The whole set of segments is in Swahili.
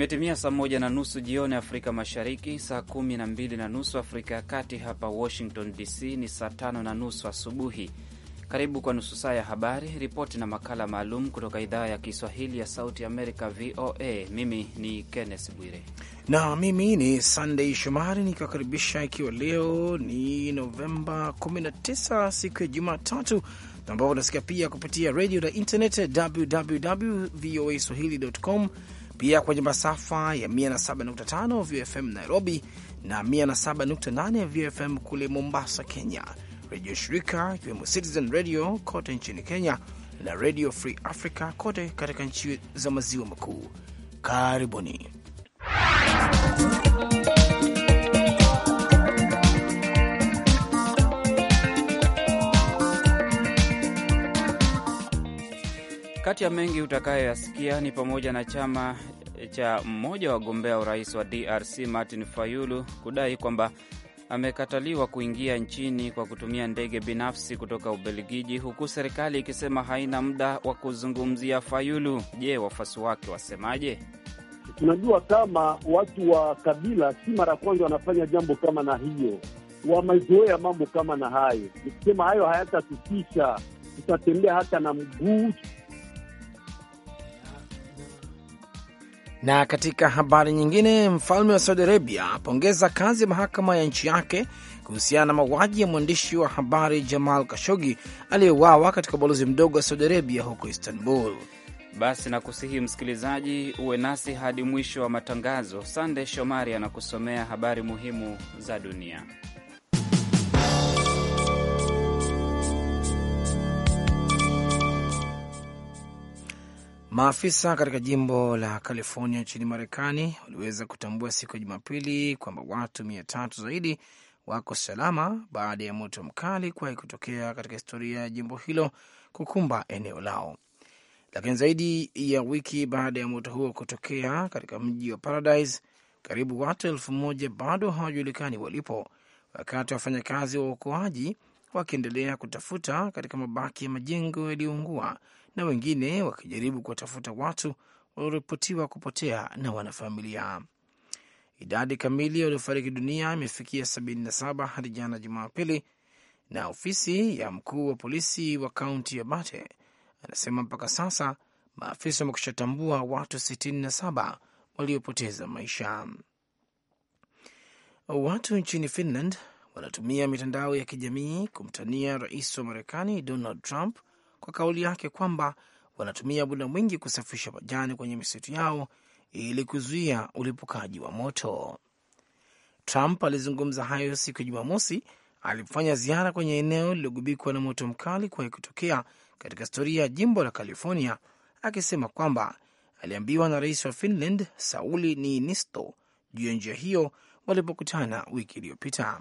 Imetimia saa moja na nusu jioni Afrika Mashariki, saa kumi na mbili na nusu Afrika ya Kati. Hapa Washington DC ni saa tano na nusu asubuhi. Karibu kwa nusu saa ya habari, ripoti na makala maalum kutoka idhaa ya Kiswahili ya Sauti Amerika, VOA. Mimi ni Kenneth Bwire na mimi ni sandei Shomari nikiwakaribisha, ikiwa leo ni Novemba 19 siku ya Jumatatu, ambao unasikia pia kupitia redio na internet www voa swahili.com pia kwenye masafa ya 107.5 VFM Nairobi na 107.8 VFM kule Mombasa, Kenya, redio shirika ikiwemo Citizen Radio kote nchini Kenya na Radio Free Africa kote katika nchi za maziwa makuu. Karibuni. Kati ya mengi utakayoyasikia ni pamoja na chama cha mmoja wa wagombea urais wa DRC Martin Fayulu kudai kwamba amekataliwa kuingia nchini kwa kutumia ndege binafsi kutoka Ubelgiji, huku serikali ikisema haina muda wa kuzungumzia Fayulu. Je, wafuasi wake wasemaje? Tunajua kama watu wa kabila si mara ya kwanza wanafanya jambo kama na hiyo, wamezoea mambo kama na hayo. Nikisema hayo hayatatutisha, tutatembea hata na mguu Na katika habari nyingine, mfalme wa Saudi Arabia apongeza kazi ya mahakama ya nchi yake kuhusiana na mauaji ya mwandishi wa habari Jamal Kashogi aliyeuawa katika ubalozi mdogo wa Saudi Arabia huko Istanbul. Basi nakusihi msikilizaji, uwe nasi hadi mwisho wa matangazo. Sande Shomari anakusomea habari muhimu za dunia. Maafisa katika jimbo la California nchini Marekani waliweza kutambua siku ya Jumapili kwamba watu mia tatu zaidi wako salama baada ya moto mkali kuwahi kutokea katika historia ya jimbo hilo kukumba eneo lao. Lakini zaidi ya wiki baada ya moto huo kutokea katika mji wa Paradise, karibu watu elfu moja bado hawajulikani walipo, wakati wafanyakazi wa uokoaji wakiendelea kutafuta katika mabaki ya majengo yaliyoungua na wengine wakijaribu kuwatafuta watu walioripotiwa kupotea na wanafamilia. Idadi kamili waliofariki dunia imefikia 77 hadi jana Jumapili, na ofisi ya mkuu wa polisi wa kaunti ya Bate anasema mpaka sasa maafisa wamekushatambua watu 67 waliopoteza maisha. Watu nchini Finland wanatumia mitandao ya kijamii kumtania rais wa Marekani Donald Trump kwa kauli yake kwamba wanatumia muda mwingi kusafisha majani kwenye misitu yao ili kuzuia ulipukaji wa moto. Trump alizungumza hayo siku ya Jumamosi alipofanya ziara kwenye eneo lililogubikwa na moto mkali kuwahi kutokea katika historia ya jimbo la California, akisema kwamba aliambiwa na rais wa Finland Sauli Niinisto juu ya njia hiyo walipokutana wiki iliyopita.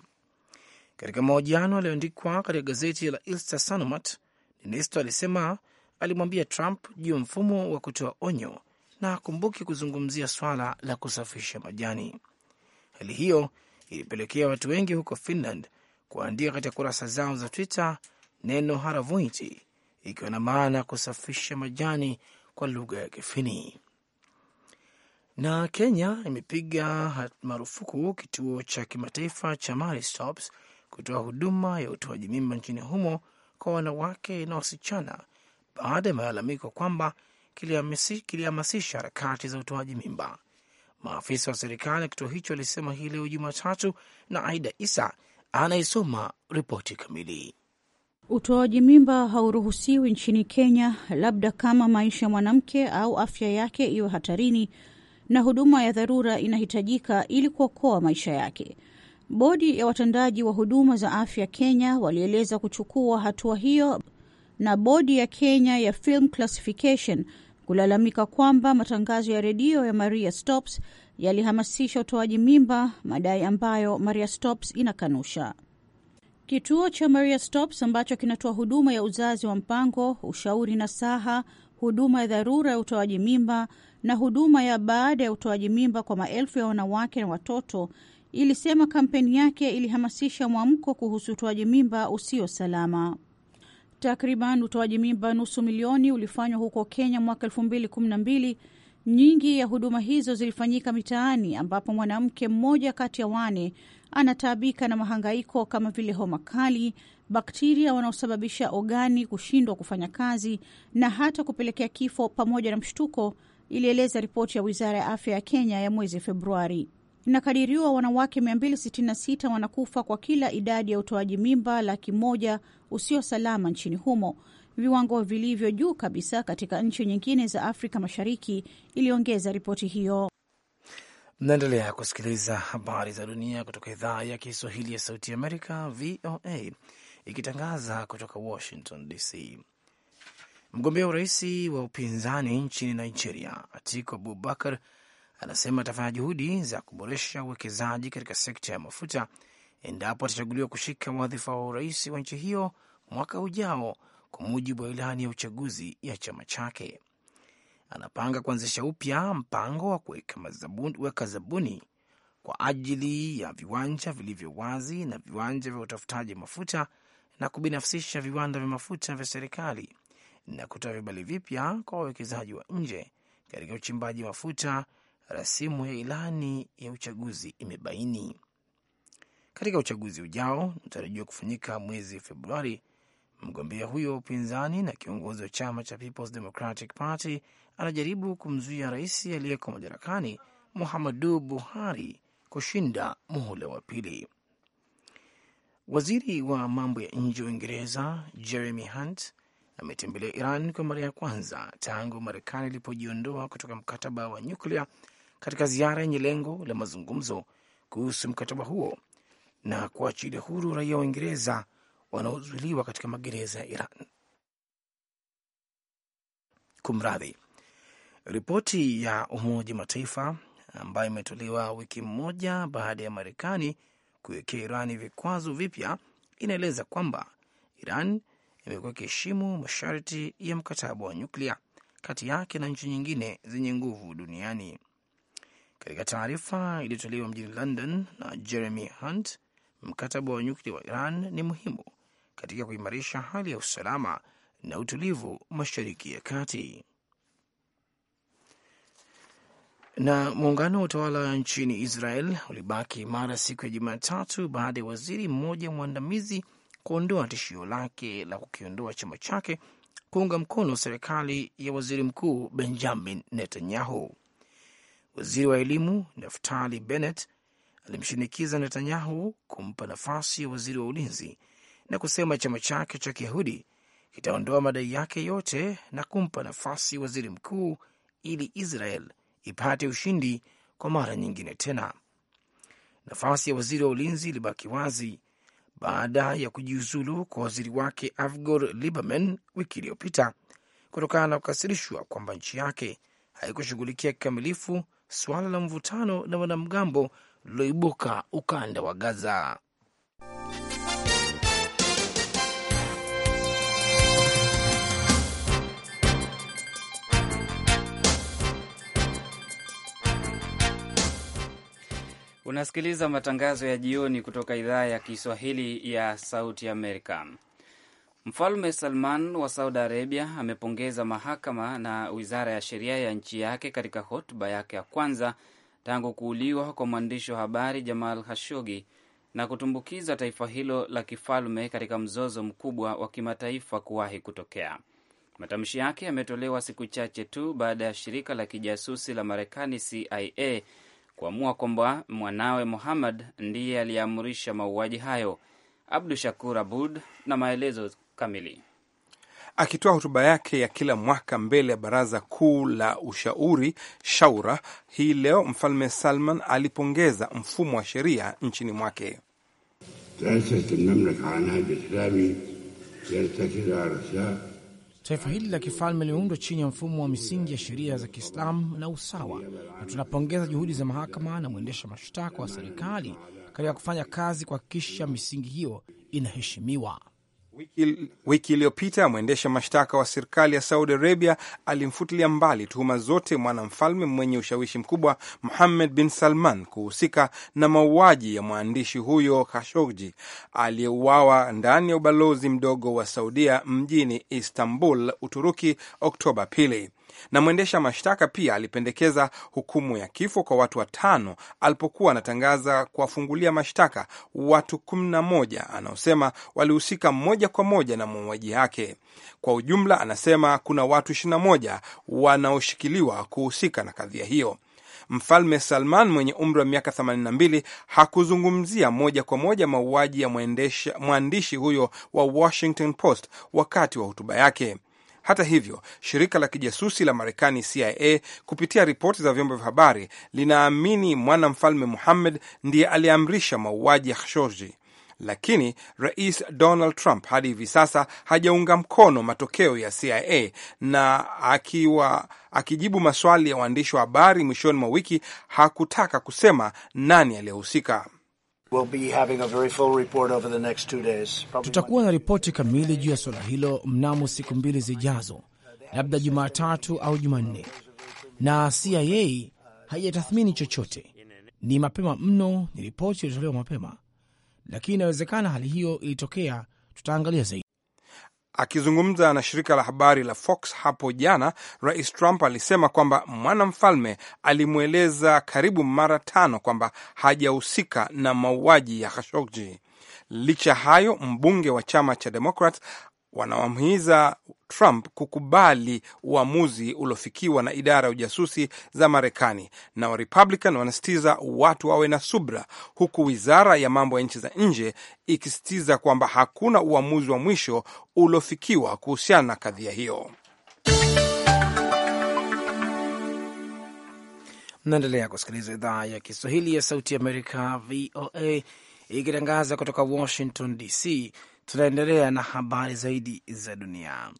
Katika mahojiano aliyoandikwa katika gazeti la Ilta Sanomat, Nesto alisema alimwambia Trump juu ya mfumo wa kutoa onyo na akumbuki kuzungumzia swala la kusafisha majani. Hali hiyo ilipelekea watu wengi huko Finland kuandika katika kurasa zao za Twitter neno haravuiti, ikiwa na maana ya kusafisha majani kwa lugha ya Kifini. Na Kenya imepiga marufuku kituo cha kimataifa cha Maristops kutoa huduma ya utoaji mimba nchini humo kwa wanawake na wasichana baada ya malalamiko kwamba kilihamasisha harakati za utoaji mimba. Maafisa wa serikali ya kituo hicho walisema hii leo Jumatatu, na Aida Isa anayesoma ripoti kamili. Utoaji mimba hauruhusiwi nchini Kenya, labda kama maisha ya mwanamke au afya yake iwe hatarini na huduma ya dharura inahitajika ili kuokoa maisha yake. Bodi ya watendaji wa huduma za afya Kenya walieleza kuchukua hatua hiyo na bodi ya Kenya ya Film Classification kulalamika kwamba matangazo ya redio ya Maria Stops yalihamasisha utoaji mimba, madai ambayo Maria Stops inakanusha. Kituo cha Maria Stops ambacho kinatoa huduma ya uzazi wa mpango, ushauri na saha, huduma ya dharura ya utoaji mimba na huduma ya baada ya utoaji mimba kwa maelfu ya wanawake na watoto ilisema kampeni yake ilihamasisha mwamko kuhusu utoaji mimba usio salama. Takriban utoaji mimba nusu milioni ulifanywa huko Kenya mwaka mbili. Nyingi ya huduma hizo zilifanyika mitaani, ambapo mwanamke mmoja kati ya wane anataabika na mahangaiko kama vile homa kali, bakteria wanaosababisha ogani kushindwa kufanya kazi na hata kupelekea kifo pamoja na mshtuko, ilieleza ripoti ya wizara ya afya ya Kenya ya mwezi Februari. Inakadiriwa wanawake 266 wanakufa kwa kila idadi ya utoaji mimba laki moja usio salama nchini humo, viwango vilivyo juu kabisa katika nchi nyingine za Afrika Mashariki, iliongeza ripoti hiyo. Mnaendelea kusikiliza habari za dunia kutoka idhaa ya Kiswahili ya Sauti Amerika, VOA, ikitangaza kutoka Washington DC. Mgombea urais wa upinzani nchini Nigeria, Atiku Abubakar anasema atafanya juhudi za kuboresha uwekezaji katika sekta ya mafuta endapo atachaguliwa kushika wadhifa wa urais wa nchi hiyo mwaka ujao, kwa mujibu wa ilani ya uchaguzi ya chama chake. Anapanga kuanzisha upya mpango wa kuweka zabuni kwa ajili ya viwanja vilivyo wazi na viwanja vya utafutaji mafuta na kubinafsisha viwanda vya mafuta vya serikali na kutoa vibali vipya kwa wawekezaji wa nje katika uchimbaji mafuta rasimu ya ilani ya uchaguzi imebaini. Katika uchaguzi ujao unatarajiwa kufanyika mwezi Februari, mgombea huyo wa upinzani na kiongozi wa chama cha People's Democratic Party anajaribu kumzuia rais aliyeko madarakani Muhammadu Buhari kushinda muhula wa pili. Waziri wa mambo ya nje wa Uingereza Jeremy Hunt ametembelea Iran kwa mara ya kwanza tangu Marekani ilipojiondoa kutoka mkataba wa nyuklia katika ziara yenye lengo la mazungumzo kuhusu mkataba huo na kuachilia huru raia wa Uingereza wanaozuiliwa katika magereza ya Iran. Kumradhi, ripoti ya Umoja Mataifa ambayo imetolewa wiki moja baada ya Marekani kuwekea Irani vikwazo vipya inaeleza kwamba Iran imekuwa ikiheshimu masharti ya mkataba wa nyuklia kati yake na nchi nyingine zenye nguvu duniani. Katika taarifa iliyotolewa mjini London na Jeremy Hunt, mkataba wa nyuklia wa Iran ni muhimu katika kuimarisha hali ya usalama na utulivu Mashariki ya Kati. Na muungano wa utawala nchini Israel ulibaki imara siku ya Jumatatu baada ya waziri mmoja mwandamizi kuondoa tishio lake la kukiondoa chama chake kuunga mkono serikali ya waziri mkuu Benjamin Netanyahu. Waziri wa elimu Naftali Bennett alimshinikiza Netanyahu kumpa nafasi ya waziri wa ulinzi na kusema chama chake cha Kiyahudi kitaondoa madai yake yote na kumpa nafasi waziri mkuu ili Israel ipate ushindi kwa mara nyingine tena. Nafasi ya waziri wa ulinzi ilibaki wazi baada ya kujiuzulu kwa waziri wake Avgor Liberman wiki iliyopita kutokana na kukasirishwa kwamba nchi yake haikushughulikia kikamilifu suala la mvutano na wanamgambo lililoibuka ukanda wa Gaza. Unasikiliza matangazo ya jioni kutoka idhaa ya Kiswahili ya Sauti Amerika. Mfalme Salman wa Saudi Arabia amepongeza mahakama na wizara ya sheria ya nchi yake katika hotuba yake ya kwanza tangu kuuliwa kwa mwandishi wa habari Jamal Khashoggi na kutumbukiza taifa hilo la kifalme katika mzozo mkubwa wa kimataifa kuwahi kutokea. Matamshi yake yametolewa siku chache tu baada ya shirika la kijasusi la Marekani CIA kuamua kwamba mwanawe Muhammad ndiye aliyeamrisha mauaji hayo. Abdu Shakur Abud na maelezo kamili. Akitoa hotuba yake ya kila mwaka mbele ya baraza kuu la ushauri shaura hii leo, mfalme Salman alipongeza mfumo wa sheria nchini mwake. Taifa hili la kifalme limeundwa chini ya mfumo wa misingi ya sheria za Kiislamu na usawa, na tunapongeza juhudi za mahakama na mwendesha mashtaka wa serikali katika kufanya kazi kuhakikisha misingi hiyo inaheshimiwa. Wiki iliyopita mwendesha mashtaka wa serikali ya Saudi Arabia alimfutilia mbali tuhuma zote mwanamfalme mwenye ushawishi mkubwa Muhammad bin Salman kuhusika na mauaji ya mwandishi huyo Khashoggi aliyeuawa ndani ya ubalozi mdogo wa Saudia mjini Istanbul, Uturuki, Oktoba pili na mwendesha mashtaka pia alipendekeza hukumu ya kifo kwa watu watano alipokuwa anatangaza kuwafungulia mashtaka watu kumi na moja anaosema walihusika moja kwa moja na mauaji yake. Kwa ujumla, anasema kuna watu 21 wanaoshikiliwa kuhusika na kadhia hiyo. Mfalme Salman mwenye umri wa miaka 82 hakuzungumzia moja kwa moja mauaji ya mwandishi huyo wa Washington Post wakati wa hotuba yake. Hata hivyo, shirika la kijasusi la Marekani CIA kupitia ripoti za vyombo vya habari linaamini mwanamfalme Muhammad ndiye aliamrisha mauaji ya Khashoggi. Lakini rais Donald Trump hadi hivi sasa hajaunga mkono matokeo ya CIA na akiwa, akijibu maswali ya waandishi wa habari mwishoni mwa wiki hakutaka kusema nani aliyehusika. We'll Tutakuwa na ripoti kamili juu ya suala hilo mnamo siku mbili zijazo, labda Jumatatu au Jumanne, na CIA haijatathmini chochote. Ni mapema mno, ni ripoti iliyotolewa mapema, lakini inawezekana hali hiyo ilitokea. Tutaangalia zaidi. Akizungumza na shirika la habari la Fox hapo jana, Rais Trump alisema kwamba mwanamfalme alimweleza karibu mara tano kwamba hajahusika na mauaji ya Khashoggi. Licha hayo, mbunge wa chama cha demokrat wanawamhiza Trump kukubali uamuzi uliofikiwa na idara ya ujasusi za Marekani, na Warepublican wanasitiza watu wawe na subra, huku wizara ya mambo ya nchi za nje ikisitiza kwamba hakuna uamuzi wa mwisho uliofikiwa kuhusiana na kadhia hiyo. Mnaendelea kusikiliza idhaa ya Kiswahili ya Sauti ya Amerika, VOA, ikitangaza kutoka Washington DC. Tunaendelea na habari zaidi za dunia.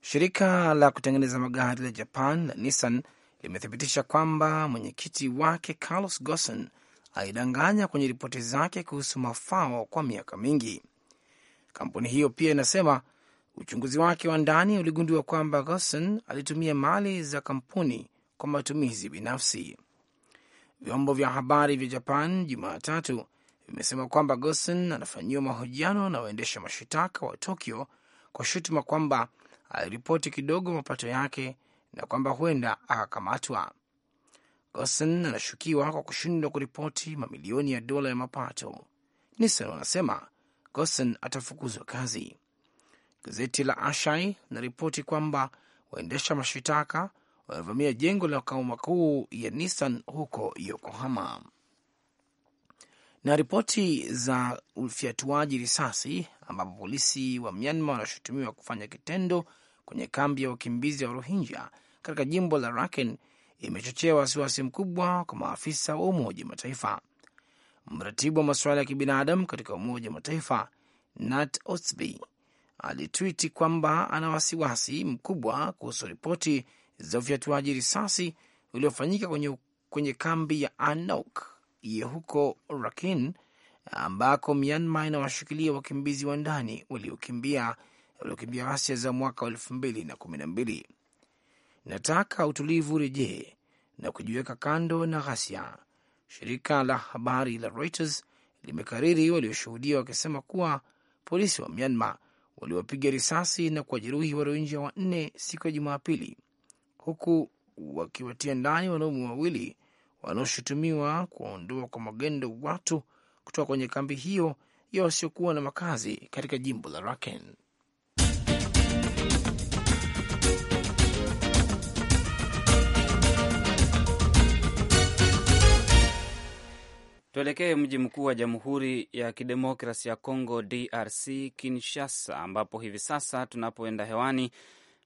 Shirika la kutengeneza magari la Japan la Nissan limethibitisha kwamba mwenyekiti wake Carlos gosson alidanganya kwenye ripoti zake kuhusu mafao kwa miaka mingi. Kampuni hiyo pia inasema uchunguzi wake wa ndani uligundua kwamba gosson alitumia mali za kampuni kwa matumizi binafsi. Vyombo vya habari vya Japan Jumatatu imesema kwamba Gosen anafanyiwa mahojiano na waendesha mashitaka wa Tokyo kwa shutuma kwamba aliripoti kidogo mapato yake na kwamba huenda akakamatwa. Gosen anashukiwa kwa kushindwa kuripoti mamilioni ya dola ya mapato. nissan anasema Gosen atafukuzwa kazi. Gazeti la Ashai linaripoti kwamba waendesha mashitaka wamevamia jengo la makao makuu ya Nissan huko Yokohama. Na ripoti za ufyatuaji risasi ambapo polisi wa Myanmar wanashutumiwa kufanya kitendo kwenye kambi ya wakimbizi wa Rohingya katika jimbo la Rakhine imechochea wasiwasi mkubwa kwa maafisa wa Umoja Mataifa. Mratibu wa masuala ya kibinadamu katika Umoja wa Mataifa Nat osby alitwiti kwamba ana wasiwasi mkubwa kuhusu ripoti za ufyatuaji risasi uliofanyika kwenye, kwenye kambi ya Anouk ya huko Rakhine ambako Myanmar inawashikilia wakimbizi wa ndani waliokimbia waliokimbia ghasia za mwaka wa elfu mbili na kumi na mbili. Nataka utulivu rejee na kujiweka kando na ghasia. Shirika la habari la Reuters limekariri walioshuhudia wakisema kuwa polisi wa Myanmar waliwapiga risasi na kuwajeruhi Warohinja wanne siku ya Jumapili, huku wakiwatia ndani wanaume wawili wanaoshutumiwa kuwaondoa kwa magendo watu kutoka kwenye kambi hiyo ya wasiokuwa na makazi katika jimbo la Rakhine. Tuelekee mji mkuu wa Jamhuri ya Kidemokrasi ya congo DRC, Kinshasa, ambapo hivi sasa tunapoenda hewani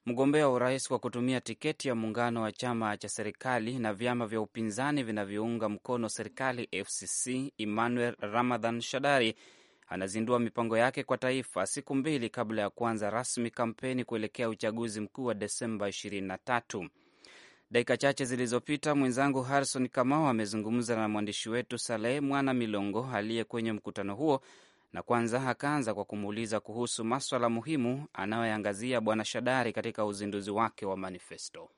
mgombea wa urais kwa kutumia tiketi ya muungano wa chama cha serikali na vyama vya upinzani vinavyounga mkono serikali FCC Emmanuel Ramadhan Shadari anazindua mipango yake kwa taifa siku mbili kabla ya kuanza rasmi kampeni kuelekea uchaguzi mkuu wa Desemba 23. Dakika chache zilizopita mwenzangu Harrison Kamau amezungumza na mwandishi wetu Saleh Mwana Milongo aliye kwenye mkutano huo na kwanza akaanza kwa kumuuliza kuhusu maswala muhimu anayoyaangazia Bwana Shadari katika uzinduzi wake wa manifesto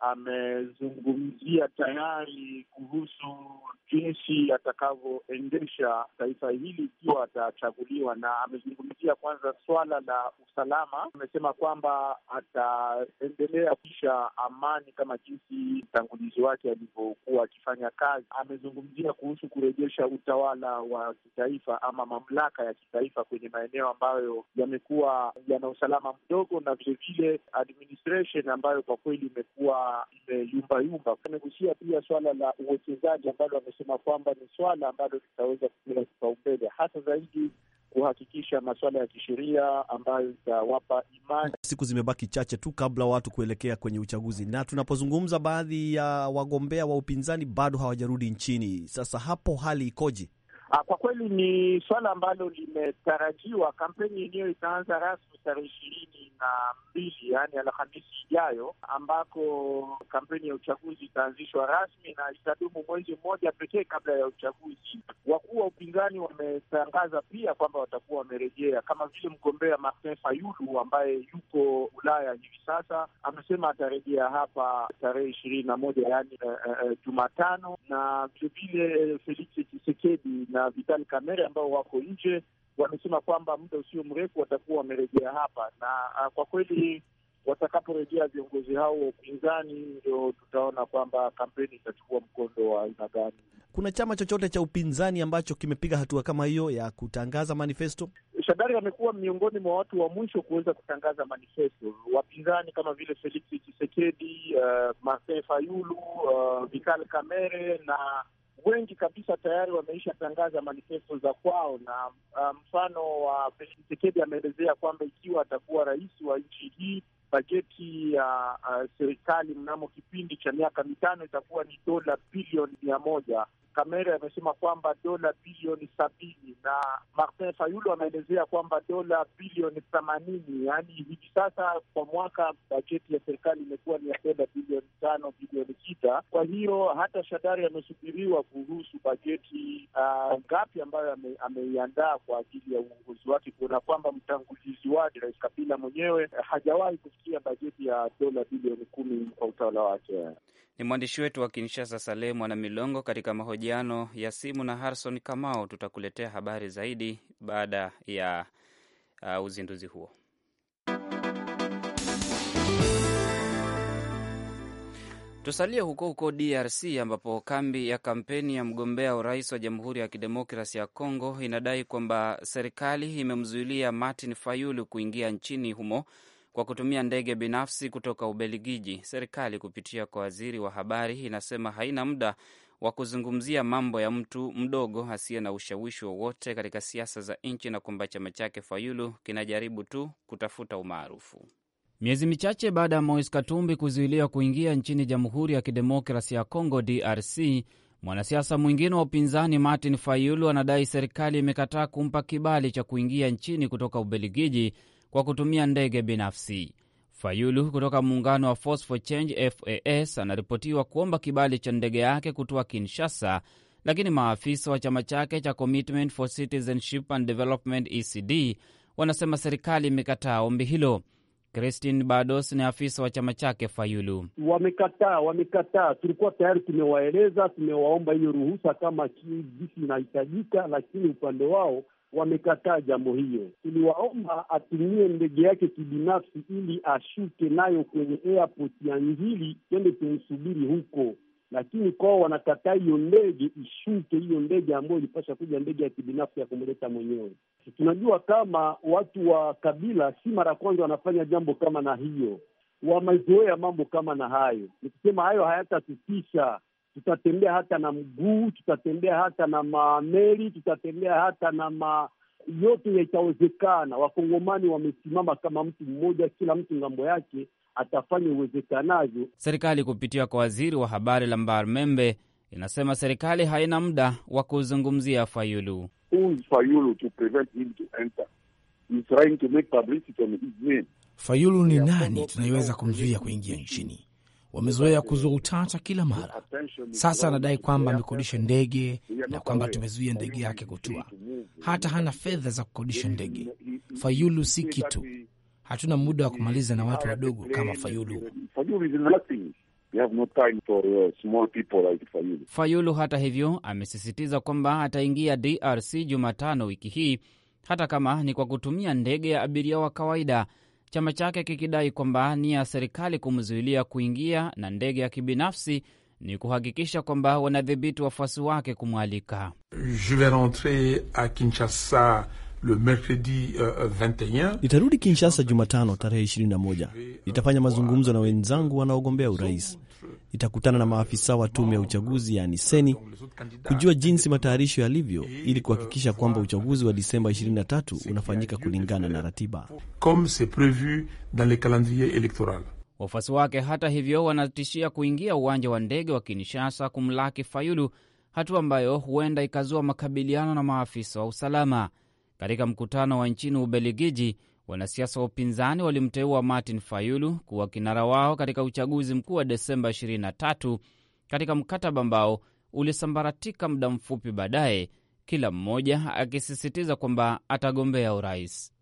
amezungumzia tayari kuhusu jinsi atakavyoendesha taifa hili ikiwa atachaguliwa, na amezungumzia kwanza swala la usalama. Amesema kwamba ataendelea kuisha amani kama jinsi mtangulizi wake alivyokuwa akifanya kazi. Amezungumzia kuhusu kurejesha utawala wa kitaifa ama mamlaka ya kitaifa kwenye maeneo ambayo yamekuwa yana usalama mdogo, na vilevile administration ambayo kwa kweli imekuwa na eh, Amegusia pia swala la uwekezaji ambalo amesema kwamba ni swala ambalo litaweza kupewa kipaumbele hasa zaidi kuhakikisha masuala ya kisheria ambayo itawapa imani. Siku zimebaki chache tu kabla watu kuelekea kwenye uchaguzi, na tunapozungumza baadhi ya wagombea wa upinzani bado hawajarudi nchini. Sasa hapo hali ikoje? Ah, kwa kweli ni suala ambalo limetarajiwa. Kampeni yenyewe itaanza rasmi tarehe ishirini na mbili yaani Alhamisi ijayo, ambako kampeni ya uchaguzi itaanzishwa rasmi na itadumu mwezi mmoja pekee kabla ya uchaguzi. Wakuu wa upinzani wametangaza pia kwamba watakuwa wamerejea, kama vile mgombea Martin Fayulu ambaye yuko Ulaya hivi sasa amesema atarejea hapa tarehe ishirini na moja yaani eh, eh, eh, Jumatano, uh, uh, na vilevile Felix chisekedi na na Vitali Kamere ambao wako nje, wamesema kwamba muda usio mrefu watakuwa wamerejea hapa, na uh, kwa kweli watakaporejea viongozi hao wa upinzani, ndio tutaona kwamba kampeni itachukua mkondo wa aina gani. Kuna chama chochote cha upinzani ambacho kimepiga hatua kama hiyo ya kutangaza manifesto? Shadari amekuwa miongoni mwa watu wa mwisho kuweza kutangaza manifesto. Wapinzani kama vile Felix chisekedi uh, eh, Martin Fayulu, uh, Vital Kamerhe na wengi kabisa tayari wameisha tangaza manifesto za kwao, na uh, mfano um, wa Felix Tshisekedi ameelezea kwamba ikiwa atakuwa rais wa nchi hii bajeti ya uh, uh, serikali mnamo kipindi cha miaka mitano itakuwa ni dola bilioni mia moja Kamere amesema kwamba dola bilioni sabini na Martin Fayulu ameelezea kwamba dola bilioni themanini Yaani hivi sasa kwa mwaka bajeti ya serikali imekuwa ni ya dola bilioni tano bilioni sita Kwa hiyo hata Shadari amesubiriwa kuhusu bajeti uh, ngapi ambayo ameiandaa kwa ajili ya uongozi wake, kuona kwamba mtangulizi wake Rais Kabila mwenyewe hajawahi kufikia bajeti ya dola bilioni kumi kwa utawala wake ni mwandishi wetu wa Kinshasa, Saleh Mwana Milongo, katika mahojiano ya simu na Harrison Kamau. Tutakuletea habari zaidi baada ya uh, uzinduzi huo. Tusalie huko huko DRC ambapo kambi ya kampeni ya mgombea urais wa Jamhuri ya Kidemokrasi ya congo inadai kwamba serikali imemzuilia Martin Fayulu kuingia nchini humo kwa kutumia ndege binafsi kutoka Ubelgiji. Serikali kupitia kwa waziri wa habari inasema haina muda wa kuzungumzia mambo ya mtu mdogo asiye na ushawishi wowote katika siasa za nchi na kwamba chama chake Fayulu kinajaribu tu kutafuta umaarufu. Miezi michache baada ya Moise Katumbi kuzuiliwa kuingia nchini Jamhuri ya Kidemokrasia ya Kongo, DRC, mwanasiasa mwingine wa upinzani Martin Fayulu anadai serikali imekataa kumpa kibali cha kuingia nchini kutoka Ubelgiji kwa kutumia ndege binafsi. Fayulu kutoka muungano wa Force for Change FAS anaripotiwa kuomba kibali cha ndege yake kutoa Kinshasa, lakini maafisa wa chama chake cha Commitment for Citizenship and Development ECD wanasema serikali imekataa ombi hilo. Christine Bados ni afisa wa chama chake Fayulu. Wamekataa, wamekataa. Tulikuwa tayari tumewaeleza, tumewaomba hiyo ruhusa kama jisi inahitajika, lakini upande wao wamekataa jambo hiyo. Tuliwaomba atumie ndege yake kibinafsi ili ashuke nayo kwenye airport ya Njili, twende tumsubiri huko, lakini kwao wanakataa hiyo ndege ishuke, hiyo ndege ambayo ilipasha kuja ndege ya kibinafsi ya kumleta mwenyewe. Tunajua kama watu wa kabila si mara kwanza wanafanya jambo kama na hiyo, wamezoea mambo kama na hayo. Nikisema hayo hayatatutisha tutatembea hata na mguu, tutatembea hata na mameli, tutatembea hata na ma yote yatawezekana. Wakongomani wamesimama kama mtu mmoja, kila mtu ng'ambo yake atafanya uwezekanavyo. Serikali kupitia kwa waziri wa habari Lambar Membe inasema serikali haina muda wa kuzungumzia Fayulu. Fayulu ni nani tunaiweza kumzuia kuingia nchini? wamezoea kuzua utata kila mara. Sasa anadai kwamba amekodisha ndege na kwamba tumezuia ndege yake kutua. Hata hana fedha za kukodisha ndege. Fayulu si kitu, hatuna muda wa kumaliza na watu wadogo kama Fayulu. Fayulu uh, hata hivyo amesisitiza kwamba ataingia DRC Jumatano wiki hii, hata kama ni kwa kutumia ndege ya abiria wa kawaida chama chake kikidai kwamba nia ya serikali kumzuilia kuingia na ndege ya kibinafsi ni kuhakikisha kwamba wanadhibiti wafuasi wake kumwalika. Je vais rentrer a Kinshasa le mercredi 21. Euh, Nitarudi Kinshasa Jumatano tarehe 21. Nitafanya mazungumzo na wenzangu wanaogombea urais nitakutana na maafisa wa tume ya uchaguzi yani seni kujua jinsi matayarisho yalivyo ili kuhakikisha kwamba uchaguzi wa Disemba 23 unafanyika kulingana na ratiba. Wafuasi wake hata hivyo wanatishia kuingia uwanja wa ndege wa Kinshasa kumlaki Fayulu, hatua ambayo huenda ikazua makabiliano na maafisa wa usalama. Katika mkutano wa nchini Ubelgiji, Wanasiasa wa upinzani walimteua Martin Fayulu kuwa kinara wao katika uchaguzi mkuu wa Desemba 23 katika mkataba ambao ulisambaratika muda mfupi baadaye, kila mmoja akisisitiza kwamba atagombea urais.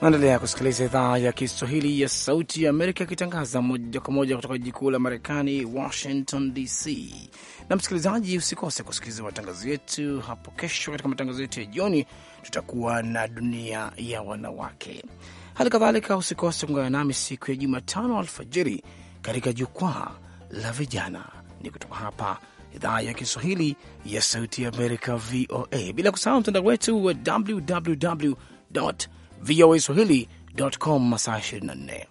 Naendelea kusikiliza idhaa ya Kiswahili ya Sauti ya Amerika ikitangaza moja kwa moja kutoka jiji kuu la Marekani, Washington DC. Na msikilizaji, usikose kusikiliza matangazo yetu hapo kesho. Katika matangazo yetu ya jioni, tutakuwa na dunia ya wanawake. Hali kadhalika, usikose kuungana nami siku ya Jumatano alfajiri katika jukwaa la vijana. Ni kutoka hapa idhaa ya Kiswahili ya Sauti ya Amerika, VOA, bila kusahau mtandao wetu wa www VOA Swahili.com masaa 24.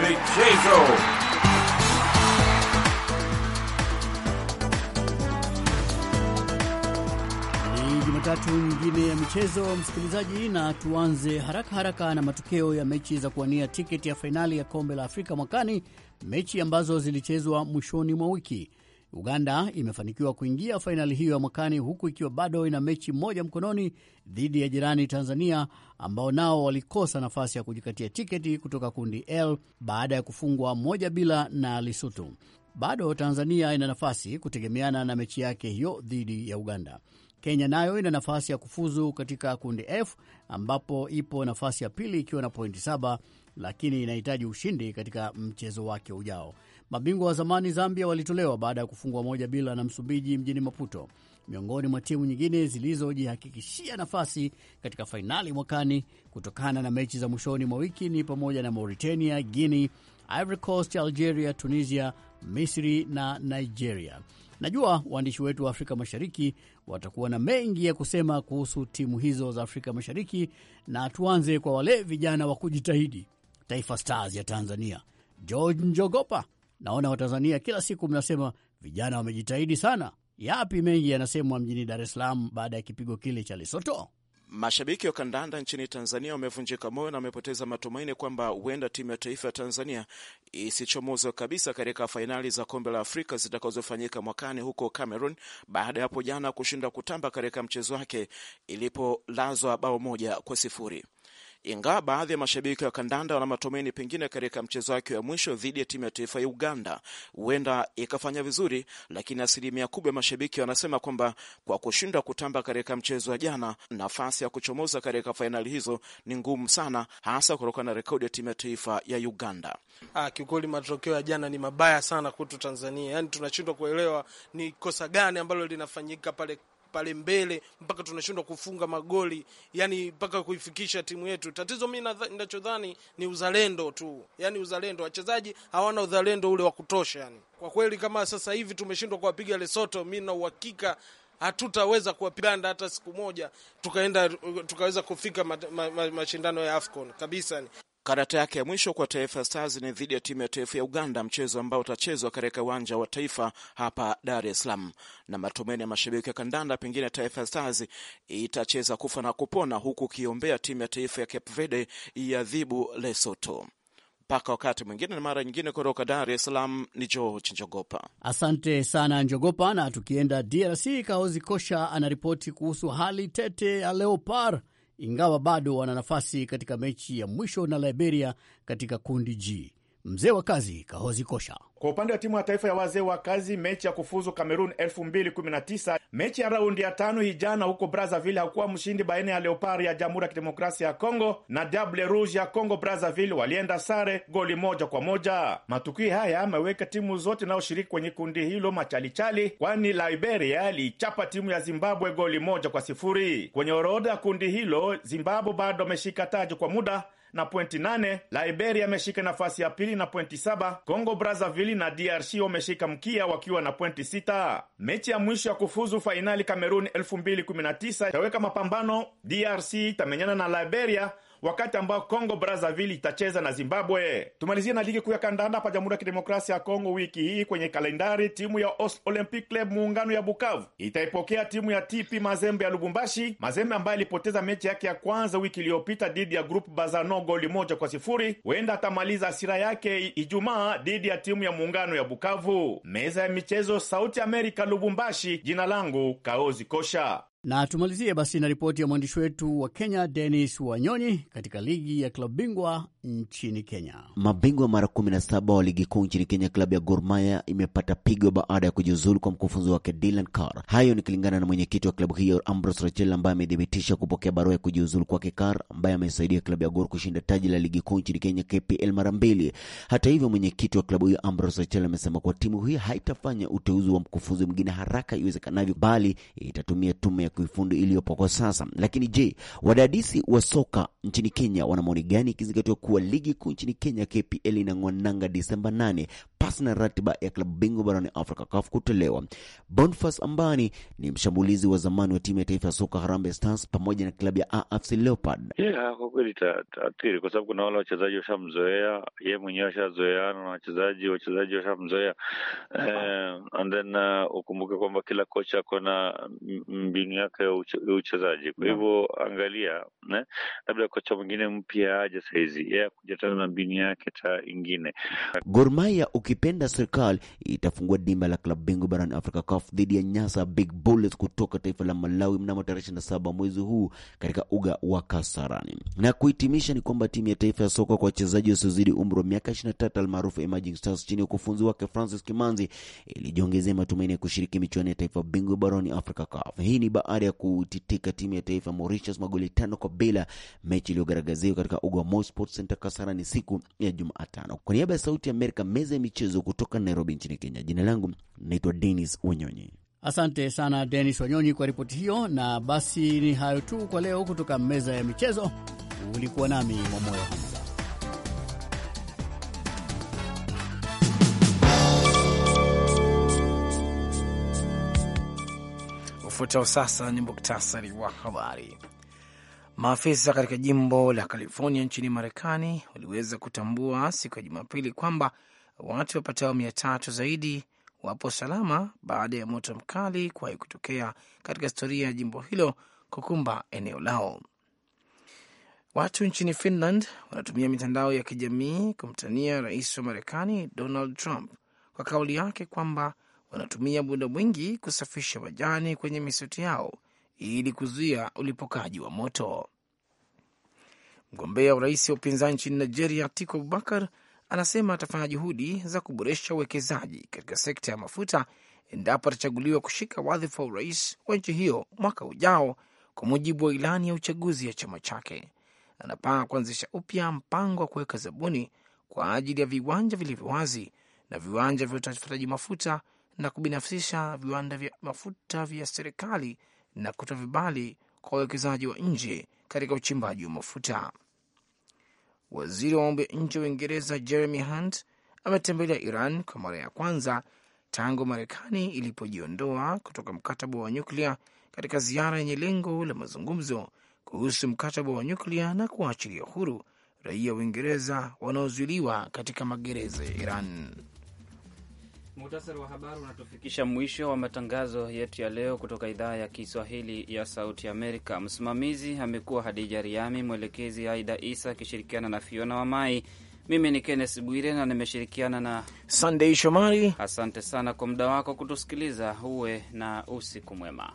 Michezo. Ni Jumatatu nyingine ya michezo, msikilizaji, na tuanze haraka haraka na matokeo ya mechi za kuwania tiketi ya fainali ya kombe la Afrika mwakani, mechi ambazo zilichezwa mwishoni mwa wiki. Uganda imefanikiwa kuingia fainali hiyo ya mwakani huku ikiwa bado ina mechi moja mkononi dhidi ya jirani Tanzania, ambao nao walikosa nafasi ya kujikatia tiketi kutoka kundi L baada ya kufungwa moja bila na Lesotho. Bado Tanzania ina nafasi kutegemeana na mechi yake hiyo dhidi ya Uganda. Kenya nayo ina nafasi ya kufuzu katika kundi F ambapo ipo nafasi ya pili ikiwa na pointi saba, lakini inahitaji ushindi katika mchezo wake ujao. Mabingwa wa zamani Zambia walitolewa baada ya kufungwa moja bila na Msumbiji mjini Maputo, miongoni mwa timu nyingine zilizojihakikishia nafasi katika fainali mwakani kutokana na mechi za mwishoni mwa wiki ni pamoja na Mauritania, Guinea, Ivory Coast, Algeria, Tunisia, Misri na Nigeria. Najua waandishi wetu wa Afrika Mashariki watakuwa na mengi ya kusema kuhusu timu hizo za Afrika Mashariki, na tuanze kwa wale vijana wa kujitahidi, Taifa Stars ya Tanzania. George Njogopa Naona Watanzania kila siku mnasema vijana wamejitahidi sana. Yapi mengi yanasemwa mjini Dar es Salaam baada ya kipigo kile cha lesoto Mashabiki wa kandanda nchini Tanzania wamevunjika moyo na wamepoteza matumaini kwamba huenda timu ya taifa ya Tanzania isichomozwe kabisa katika fainali za kombe la Afrika zitakazofanyika mwakani huko Cameroon baada ya hapo jana kushindwa kutamba katika mchezo wake ilipolazwa bao moja kwa sifuri. Ingawa baadhi ya mashabiki wa kandanda wana matumaini pengine katika mchezo wake wa mwisho dhidi ya timu ya taifa ya Uganda huenda ikafanya vizuri, lakini asilimia kubwa ya mashabiki wanasema kwamba kwa kushindwa kutamba katika mchezo wa jana, nafasi ya kuchomoza katika fainali hizo ni ngumu sana, hasa kutokana na rekodi ya timu ya taifa ya Uganda. Ah, kiukweli matokeo ya jana ni mabaya sana kwetu Tanzania, yaani tunashindwa kuelewa ni kosa gani ambalo linafanyika pale pale mbele mpaka tunashindwa kufunga magoli, yani mpaka kuifikisha timu yetu. Tatizo mimi ninachodhani ni uzalendo tu, yani uzalendo. Wachezaji hawana uzalendo ule wa kutosha. Yani kwa kweli, kama sasa hivi tumeshindwa kuwapiga Lesotho, mimi na uhakika hatutaweza kuwapanda hata siku moja tukaenda tukaweza kufika mashindano ma, ma, ma ya AFCON kabisa. Karata yake ya mwisho kwa Taifa Stars ni dhidi ya timu ya taifa ya Uganda, mchezo ambao utachezwa katika uwanja wa taifa hapa Dar es Salaam, na matumaini ya mashabiki ya kandanda, pengine Taifa Stars itacheza kufa na kupona, huku ukiombea timu ya taifa ya Cape Verde iadhibu lesoto Mpaka wakati mwingine na mara nyingine, kutoka Dar es Salaam ni George Njogopa. Asante sana Njogopa. Na tukienda DRC, Kaozi Kosha anaripoti kuhusu hali tete ya Leopard ingawa bado wana nafasi katika mechi ya mwisho na Liberia katika kundi G. Mzee wa kazi Kahozi Kosha. Kwa upande wa timu ya taifa ya wazee wa kazi, mechi ya kufuzu Kamerun 2019 mechi ya raundi ya tano hijana huko Brazzaville hakuwa mshindi baina ya Leopard ya Jamhuri ya Kidemokrasia ya Kongo na Diable Rouge ya Kongo Brazzaville, walienda sare goli moja kwa moja. Matukio haya ameweka timu zote inayoshiriki kwenye kundi hilo machalichali, kwani Liberia liichapa timu ya Zimbabwe goli moja kwa sifuri. Kwenye orodha ya kundi hilo, Zimbabwe bado ameshika taji kwa muda na pointi 8, Liberia ameshika nafasi ya pili na pointi 7, Kongo Brazzaville na DRC wameshika mkia wakiwa na pointi sita. Mechi ya mwisho ya kufuzu fainali Kameruni 2019 itaweka mapambano. DRC itamenyana na Liberia wakati ambao Congo Brazzaville itacheza na Zimbabwe. Tumalizia na ligi kuu ya kandanda hapa Jamhuri ya Kidemokrasia ya Kongo. Wiki hii kwenye kalendari, timu ya Os Olympic Club muungano ya Bukavu itaipokea timu ya TP Mazembe ya Lubumbashi. Mazembe ambaye alipoteza mechi yake ya kwanza wiki iliyopita dhidi ya Grup Bazano goli moja kwa sifuri, huenda atamaliza asira yake Ijumaa dhidi ya timu ya muungano ya Bukavu. Meza ya michezo, Sauti Amerika, Lubumbashi. Jina langu Kaozi Kosha. Na tumalizie basi na ripoti ya mwandishi wetu wa Kenya, Denis Wanyonyi, katika ligi ya klabu bingwa nchini Kenya. Mabingwa mara 17 wa ligi kuu nchini Kenya, klabu ya Gor Mahia imepata pigo baada ya kujiuzulu kwa mkufunzi wake Dylan Carr. Hayo ni kulingana na mwenyekiti wa klabu hiyo Ambrose Rachel ambaye amethibitisha kupokea barua ya kujiuzulu kwake Carr, ambaye amesaidia klabu ya Gor kushinda taji la ligi kuu nchini Kenya, KPL, mara mbili. Hata hivyo, mwenyekiti wa klabu hiyo Ambrose Rachel amesema kuwa timu hii haitafanya uteuzi wa mkufunzi mwingine haraka iwezekanavyo, bali itatumia tume ya kuifundi iliyopo kwa sasa. Lakini je, wadadisi wa soka nchini Kenya wana maoni gani, ikizingatiwa kuwa ligi kuu nchini Kenya KPL inang'wananga Disemba 8 pasi na ratiba ya klabu bingwa barani Afrika CAF kutolewa. Bonfas Ambani ni mshambulizi wa zamani wa timu ya taifa ya soka Harambee Stars pamoja na klabu ya AFC Leopard. Yeah, kwa kweli taathiri, kwa sababu kuna wale wachezaji washamzoea yeye mwenyewe, ashazoeana na wachezaji, wachezaji washamzoea. Uh, and then uh, ukumbuke kwamba kila kocha ako na mbinu miaka ya uchezaji. Kwa hivyo angalia ne, labda kocha mwingine mpya aje sahizi yeye yeah, kujatana na mbini yake ta ingine. Gor Mahia ukipenda serikali itafungua dimba la klabu bingwa barani Afrika CAF dhidi ya Nyasa Big Bullets kutoka taifa la Malawi mnamo tarehe na saba mwezi huu katika uga wa Kasarani. Na kuhitimisha ni kwamba timu ya taifa ya soka kwa wachezaji wasiozidi umri wa miaka 23 almaarufu Emerging Stars chini ya ukufunzi wake Francis Kimanzi ilijiongezea matumaini ya kushiriki michuano ya taifa bingwa barani Afrika CAF. Hii ni ba baada ya kutitika timu ya taifa Mauritius magoli tano kwa bila, mechi iliyogaragaziwa katika uga wa Sports Center Kasarani siku ya Jumatano. Kwa niaba ya Sauti ya Amerika, meza ya michezo kutoka Nairobi nchini Kenya, jina langu naitwa Dennis Wanyonyi. Asante sana Dennis Wanyonyi kwa ripoti hiyo, na basi ni hayo tu kwa leo kutoka meza ya michezo. Ulikuwa nami Mwamoyo Hamza. Ufuatao sasa ni muktasari wa habari. Maafisa katika jimbo la California nchini Marekani waliweza kutambua siku ya Jumapili kwamba watu wapatao mia tatu zaidi wapo salama baada ya moto mkali kuwahi kutokea katika historia ya jimbo hilo kukumba eneo lao. Watu nchini Finland wanatumia mitandao ya kijamii kumtania rais wa Marekani Donald Trump kwa kauli yake kwamba wanatumia muda mwingi kusafisha majani kwenye misitu yao ili kuzuia ulipokaji wa moto. Mgombea urais wa upinzani nchini Nigeria, Atiku Abubakar, anasema atafanya juhudi za kuboresha uwekezaji katika sekta ya mafuta endapo atachaguliwa kushika wadhifa wa urais wa nchi hiyo mwaka ujao, kwa mujibu wa ilani ya uchaguzi ya chama chake. Anapanga kuanzisha upya mpango wa kuweka zabuni kwa ajili ya viwanja vilivyo wazi na viwanja vya utafutaji mafuta na kubinafsisha viwanda vya mafuta vya serikali na kutoa vibali kwa wawekezaji wa nje katika uchimbaji wa mafuta. Waziri wa mambo ya nje wa Uingereza Jeremy Hunt ametembelea Iran kwa mara ya kwanza tangu Marekani ilipojiondoa kutoka mkataba wa nyuklia katika ziara yenye lengo la mazungumzo kuhusu mkataba wa nyuklia na kuwaachilia huru raia wa Uingereza wanaozuiliwa katika magereza ya Iran. Muhtasari wa habari unatufikisha mwisho wa matangazo yetu ya leo kutoka idhaa ya Kiswahili ya Sauti Amerika. Msimamizi amekuwa Hadija Riami, mwelekezi Aida Isa akishirikiana na Fiona Wamai. Mimi ni Kennes Bwire na nimeshirikiana na Sandei Shomari. Asante sana kwa muda wako kutusikiliza. Uwe na usiku mwema.